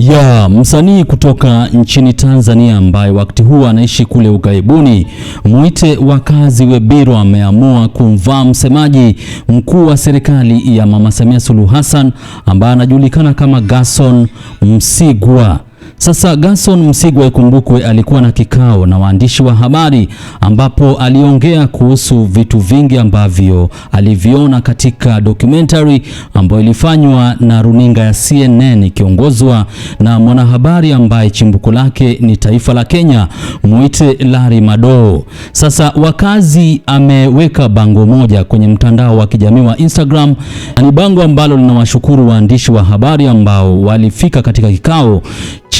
Ya msanii kutoka nchini Tanzania ambaye wakati huu anaishi kule ughaibuni, mwite wakazi Webiro ameamua kumvaa msemaji mkuu wa serikali ya Mama Samia Suluhu Hassan ambaye anajulikana kama Gerson Msigwa. Sasa Gerson Msigwa ikumbukwe, alikuwa na kikao na waandishi wa habari ambapo aliongea kuhusu vitu vingi ambavyo aliviona katika documentary ambayo ilifanywa na runinga ya CNN ikiongozwa na mwanahabari ambaye chimbuko lake ni taifa la Kenya, muite Larry Madowo. Sasa wakazi ameweka bango moja kwenye mtandao wa kijamii wa Instagram, ni bango ambalo linawashukuru waandishi wa habari ambao walifika katika kikao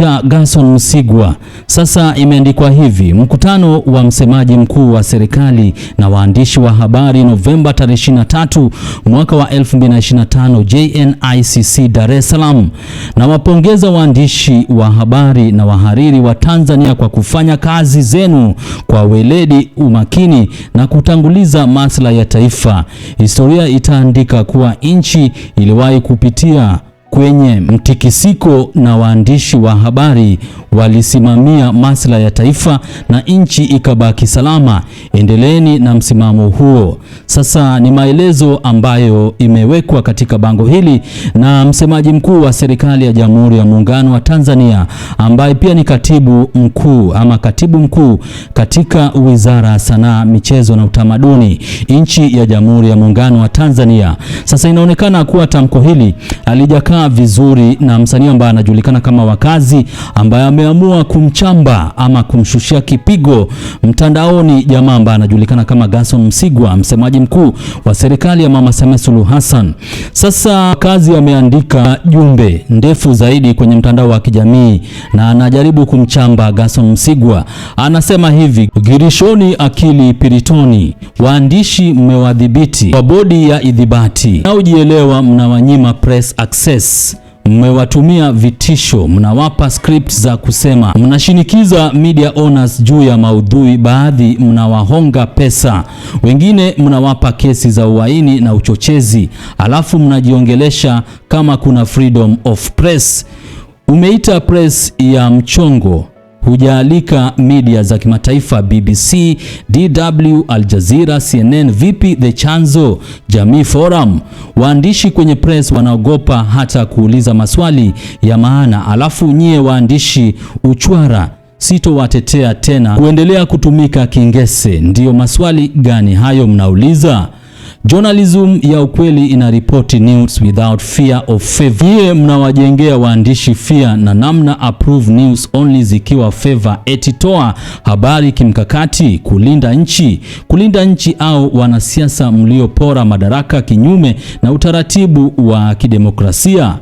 cha Gason Msigwa sasa imeandikwa hivi: mkutano wa msemaji mkuu wa serikali na waandishi wa habari Novemba tarehe 23 mwaka wa 2025, JNICC Dar es Salaam. Na wapongeza waandishi wa habari na wahariri wa Tanzania kwa kufanya kazi zenu kwa weledi, umakini na kutanguliza maslahi ya taifa. Historia itaandika kuwa nchi iliwahi kupitia kwenye mtikisiko na waandishi wa habari walisimamia maslahi ya taifa na nchi ikabaki salama. Endeleeni na msimamo huo. Sasa ni maelezo ambayo imewekwa katika bango hili na msemaji mkuu wa serikali ya Jamhuri ya Muungano wa Tanzania ambaye pia ni katibu mkuu ama katibu mkuu katika Wizara ya Sanaa, Michezo na Utamaduni nchi ya Jamhuri ya Muungano wa Tanzania. Sasa inaonekana kuwa tamko hili alijakaa amekaa vizuri na msanii ambaye anajulikana kama Wakazi ambaye ameamua kumchamba ama kumshushia kipigo mtandaoni jamaa ambaye anajulikana kama Gerson Msigwa, msemaji mkuu wa serikali ya Mama Samia Suluhu Hassan. Sasa Wakazi ameandika jumbe ndefu zaidi kwenye mtandao wa kijamii na anajaribu kumchamba Gerson Msigwa. Anasema hivi: girishoni akili piritoni, waandishi mmewadhibiti wa bodi ya idhibati, naujielewa mnawanyima press access Yes, mmewatumia vitisho, mnawapa script za kusema, mnashinikiza media owners juu ya maudhui, baadhi mnawahonga pesa, wengine mnawapa kesi za uhaini na uchochezi, alafu mnajiongelesha kama kuna freedom of press. Umeita press ya mchongo hujaalika media za kimataifa BBC, DW, Al Jazeera, CNN, vipi The Chanzo, Jamii Forum. Waandishi kwenye press wanaogopa hata kuuliza maswali ya maana, alafu nyie waandishi uchwara sitowatetea tena kuendelea kutumika kingese. Ndiyo maswali gani hayo mnauliza? Journalism ya ukweli inaripoti news without fear of favor. Yeye mnawajengea waandishi fear na namna approve news only zikiwa favor, eti toa habari kimkakati, kulinda nchi, kulinda nchi au wanasiasa mliopora madaraka kinyume na utaratibu wa kidemokrasia.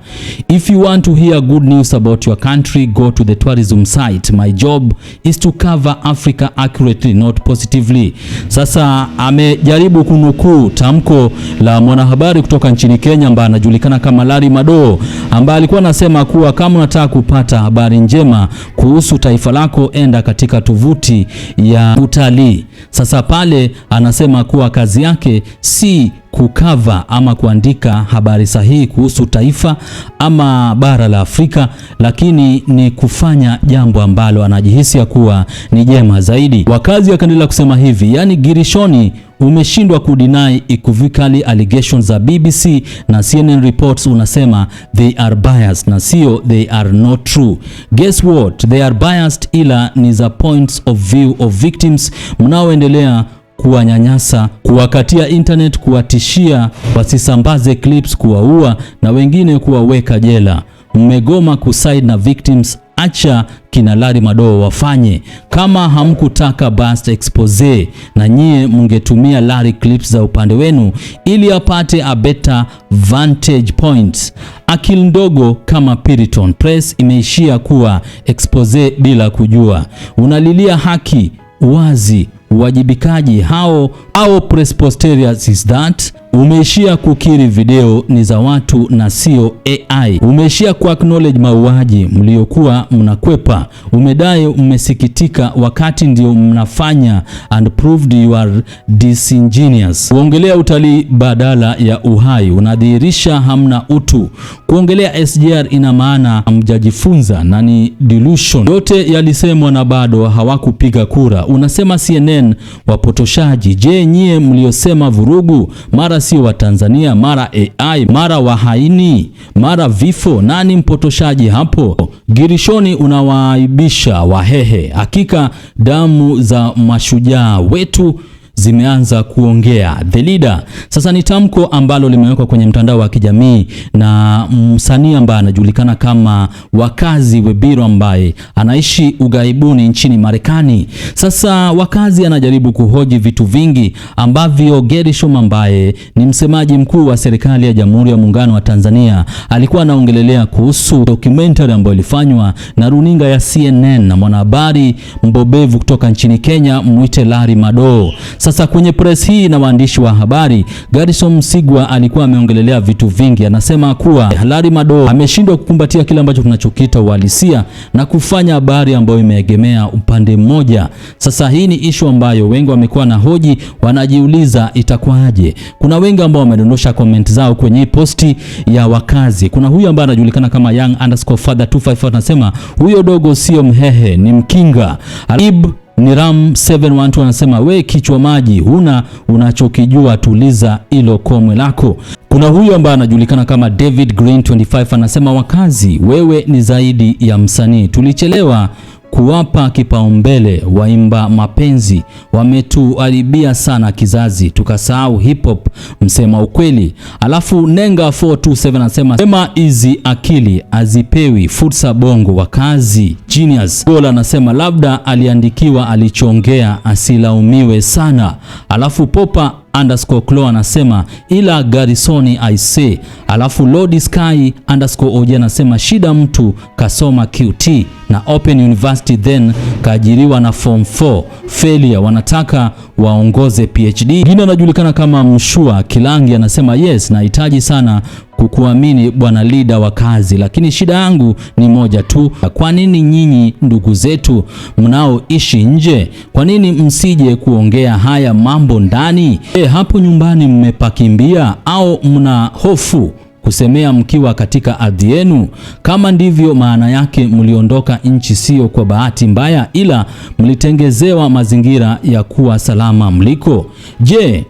If you want to hear good news about your country, go to the tourism site. My job is to cover Africa accurately, not positively. Sasa amejaribu kunukuu tamko la mwanahabari kutoka nchini Kenya ambaye anajulikana kama Larry Madowo ambaye alikuwa anasema kuwa kama unataka kupata habari njema kuhusu taifa lako, enda katika tovuti ya utalii. Sasa pale anasema kuwa kazi yake si kukava ama kuandika habari sahihi kuhusu taifa ama bara la Afrika, lakini ni kufanya jambo ambalo anajihisi ya kuwa ni jema zaidi. Wakazi akaendelea kusema hivi, yaani Girishoni umeshindwa kudinai equivocally allegations za BBC na CNN reports, unasema they are biased na sio they are not true. Guess what, they are biased, ila ni za points of view of victims mnaoendelea kuwanyanyasa, kuwakatia internet, kuwatishia wasisambaze clips, kuwaua na wengine kuwaweka jela. Mmegoma kusaid na victims acha kina Larry Madowo wafanye. Kama hamkutaka bust expose na nyie mngetumia Larry clips za upande wenu ili apate a better vantage point. Akili ndogo kama Piriton Press imeishia kuwa expose bila kujua. Unalilia haki, wazi uwajibikaji hao au press posterior is that Umeishia kukiri video ni za watu na sio AI. Umeishia ku acknowledge mauaji mliokuwa mnakwepa. Umedai mmesikitika wakati ndio mnafanya and proved you are disingenuous. Kuongelea utalii badala ya uhai, unadhihirisha hamna utu. Kuongelea SGR ina maana hamjajifunza na ni delusion. Yote yalisemwa na bado hawakupiga kura. Unasema CNN wapotoshaji. Je, nyie mliosema vurugu mara mara sio Watanzania, mara AI, mara wahaini, mara vifo. Nani mpotoshaji hapo? Girishoni unawaaibisha Wahehe. Hakika damu za mashujaa wetu zimeanza kuongea the leader. Sasa ni tamko ambalo limewekwa kwenye mtandao wa kijamii na msanii ambaye anajulikana kama Wakazi Webiro ambaye anaishi ugaibuni nchini Marekani. Sasa Wakazi anajaribu kuhoji vitu vingi ambavyo Gershom ambaye ni msemaji mkuu wa serikali ya Jamhuri ya Muungano wa Tanzania alikuwa anaongelelea kuhusu documentary ambayo ilifanywa na runinga ya CNN na mwanahabari mbobevu kutoka nchini Kenya mwite Larry Madowo. Sasa kwenye press hii na waandishi wa habari, Garrison Msigwa alikuwa ameongelelea vitu vingi. Anasema kuwa Halari Mado ameshindwa kukumbatia kile ambacho tunachokita uhalisia na kufanya habari ambayo imeegemea upande mmoja. Sasa hii ni ishu ambayo wengi wamekuwa na hoji, wanajiuliza itakuwaje. Kuna wengi ambao wamedondosha comment zao kwenye posti ya wakazi. Kuna huyu ambaye anajulikana kama youngfather 254 anasema huyo dogo sio mhehe, ni mkinga Alib Niram 712 anasema we kichwa maji, huna unachokijua, tuliza ilo komwe lako. Kuna huyu ambaye anajulikana kama David Green 25 anasema wakazi, wewe ni zaidi ya msanii, tulichelewa kuwapa kipaumbele waimba mapenzi wametuharibia sana kizazi, tukasahau hip hop, msema ukweli. Alafu Nenga 427 anasema sema hizi akili azipewi fursa bongo wa kazi. Genius Gola anasema labda aliandikiwa, alichongea, asilaumiwe sana. Alafu Popa underscore Clo anasema ila Garisoni aise. Alafu Lord Sky underscore oj anasema shida mtu kasoma QT na Open University then kaajiriwa na form 4 failure, wanataka waongoze PhD. Mwingine anajulikana kama Mshua Kilangi anasema yes, nahitaji sana kukuamini bwana lida wa kazi, lakini shida yangu ni moja tu. Kwa nini nyinyi ndugu zetu mnaoishi nje, kwa nini msije kuongea haya mambo ndani? E, hapo nyumbani mmepakimbia au mna hofu kusemea mkiwa katika ardhi yenu. Kama ndivyo, maana yake mliondoka nchi sio kwa bahati mbaya, ila mlitengezewa mazingira ya kuwa salama mliko. Je,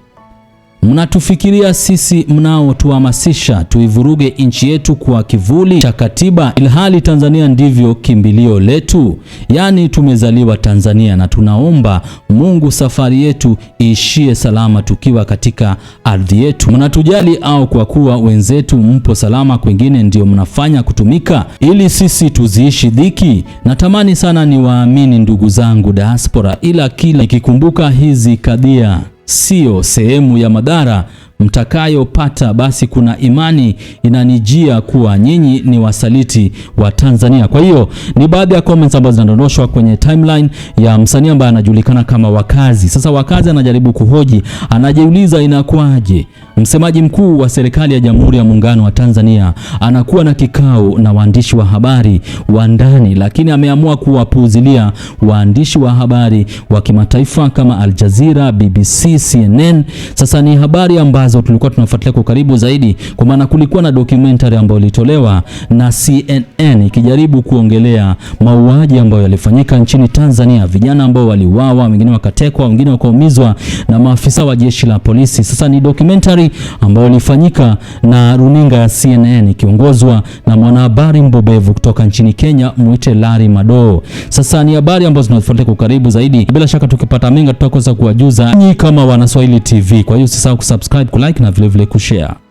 Mnatufikiria sisi mnaotuhamasisha tuivuruge nchi yetu kwa kivuli cha katiba, ilhali Tanzania ndivyo kimbilio letu. Yaani tumezaliwa Tanzania, na tunaomba Mungu safari yetu iishie salama tukiwa katika ardhi yetu. Mnatujali au kwa kuwa wenzetu mpo salama kwingine, ndio mnafanya kutumika ili sisi tuziishi dhiki? Natamani sana niwaamini ndugu zangu diaspora, ila kila nikikumbuka hizi kadhia siyo sehemu ya madhara mtakayopata, basi kuna imani inanijia kuwa nyinyi ni wasaliti wa Tanzania. Kwa hiyo ni baadhi ya comments ambazo zinadondoshwa kwenye timeline ya msanii ambaye anajulikana kama Wakazi. Sasa Wakazi anajaribu kuhoji, anajiuliza inakuwaje Msemaji mkuu wa serikali ya Jamhuri ya Muungano wa Tanzania anakuwa na kikao na waandishi wa habari wa ndani, lakini ameamua kuwapuuzilia waandishi wa habari wa kimataifa kama Al Jazeera, BBC, CNN. Sasa ni habari ambazo tulikuwa tunafuatilia kwa karibu zaidi, kwa maana kulikuwa na documentary ambayo ilitolewa na CNN ikijaribu kuongelea mauaji ambayo yalifanyika nchini Tanzania, vijana ambao waliuawa, wengine wakatekwa, wengine wakaumizwa na maafisa wa jeshi la polisi. Sasa ni documentary ambayo ilifanyika na runinga ya CNN ikiongozwa na mwanahabari mbobevu kutoka nchini Kenya mwite Larry Madowo. Sasa ni habari ambazo tunafuatilia kwa karibu zaidi, bila shaka tukipata mengi tutakosa kuwajuza nyinyi kama Wanaswahili TV. Kwa hiyo usisahau kusubscribe, kulike na vilevile kushare.